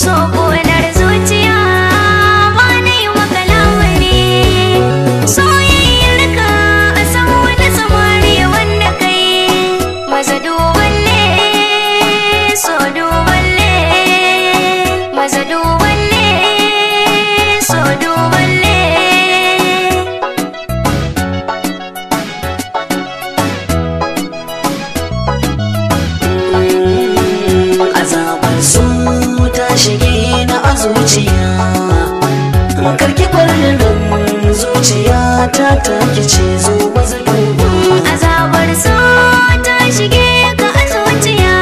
错过。makarki kwarin zuciya ta take ce zo ba zai azabar so ta shige ka a zuciya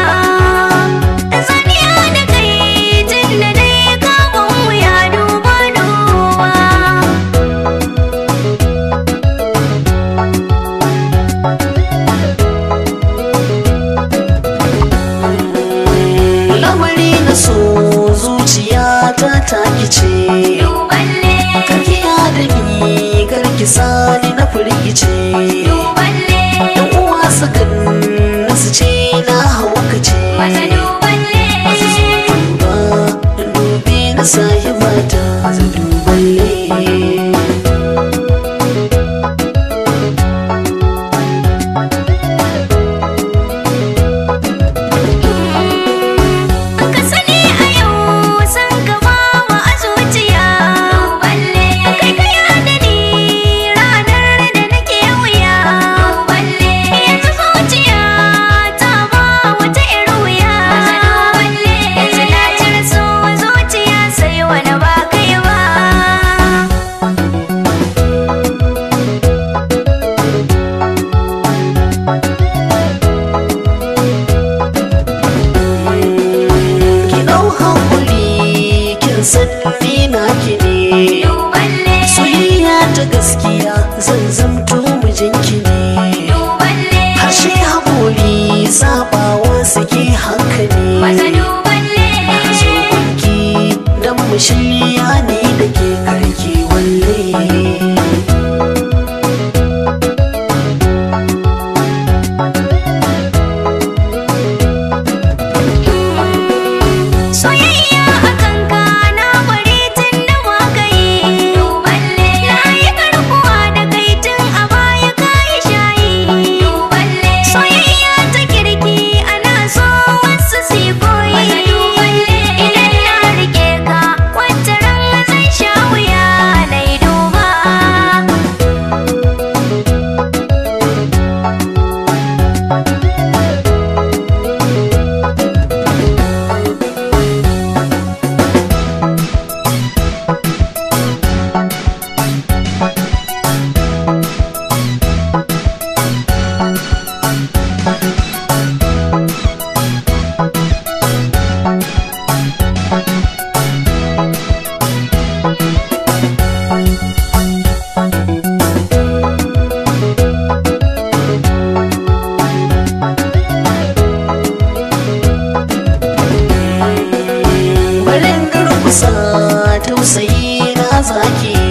saniya da kai tun dai ka gungu ya duba duba lamari na so zuciya ta take ce sabawa saki hankali ba ta duban ne da mu ne da ke karki walle tausa tausayi na zaki